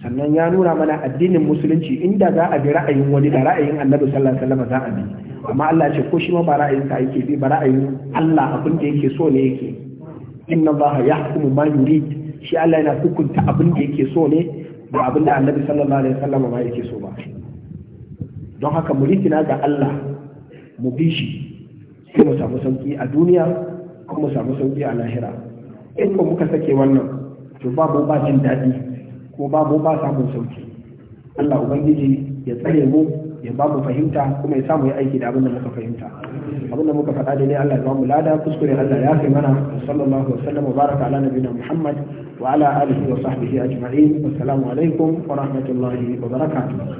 sannan ya nuna mana addinin musulunci inda za a bi ra'ayin wani da ra'ayin annabi sallallahu alaihi wasallam za a bi amma Allah ce ko shi ma ba ra'ayin ka yake bi ba ra'ayin Allah abin da yake so ne yake inna Allah yahkumu ma yurid shi Allah yana hukunta abin da yake so ne ba abin da annabi sallallahu alaihi wasallam ba yake so ba don haka mu ritina ga Allah mu bi shi sai mu samu sauki a duniya kuma mu samu sauki a lahira in ba muka sake wannan to babu ba jin daɗi ko babu ba samun sauki Allah ubangiji ya tsare mu ya ba mu fahimta kuma ya samu ya aiki da abin da muka fahimta abin da muka faɗa dai Allah ya ba mu lada kuskure Allah ya kai mana sallallahu alaihi wasallam baraka ala nabiyina Muhammad wa ala alihi wa sahbihi ajma'in assalamu alaikum wa rahmatullahi wa barakatuh